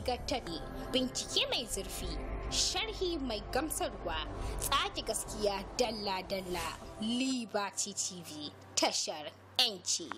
ingantattun bincike mai zurfi sharhi mai gamsarwa tsaki gaskiya dalla-dalla liberty tv tashar 'yanci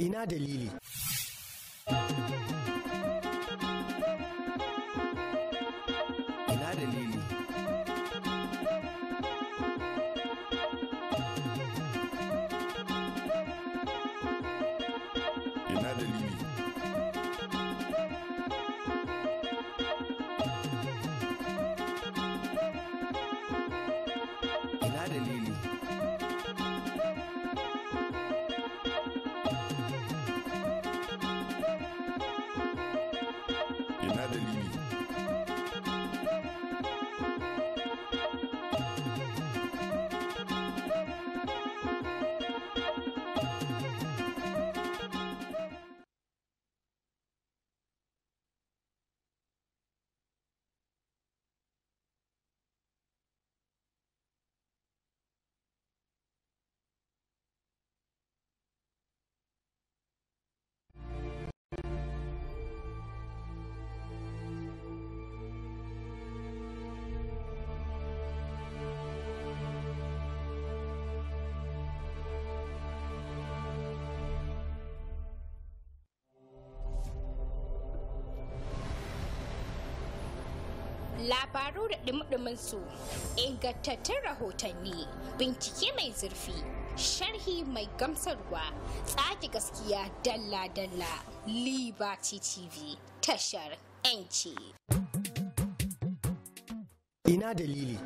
ina dalili labaru da dumudumin su ingantattun rahotanni bincike mai zurfi sharhi mai gamsarwa tsaki gaskiya dalla-dalla liberty tv tashar 'yanci ina dalili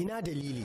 Ina dalili.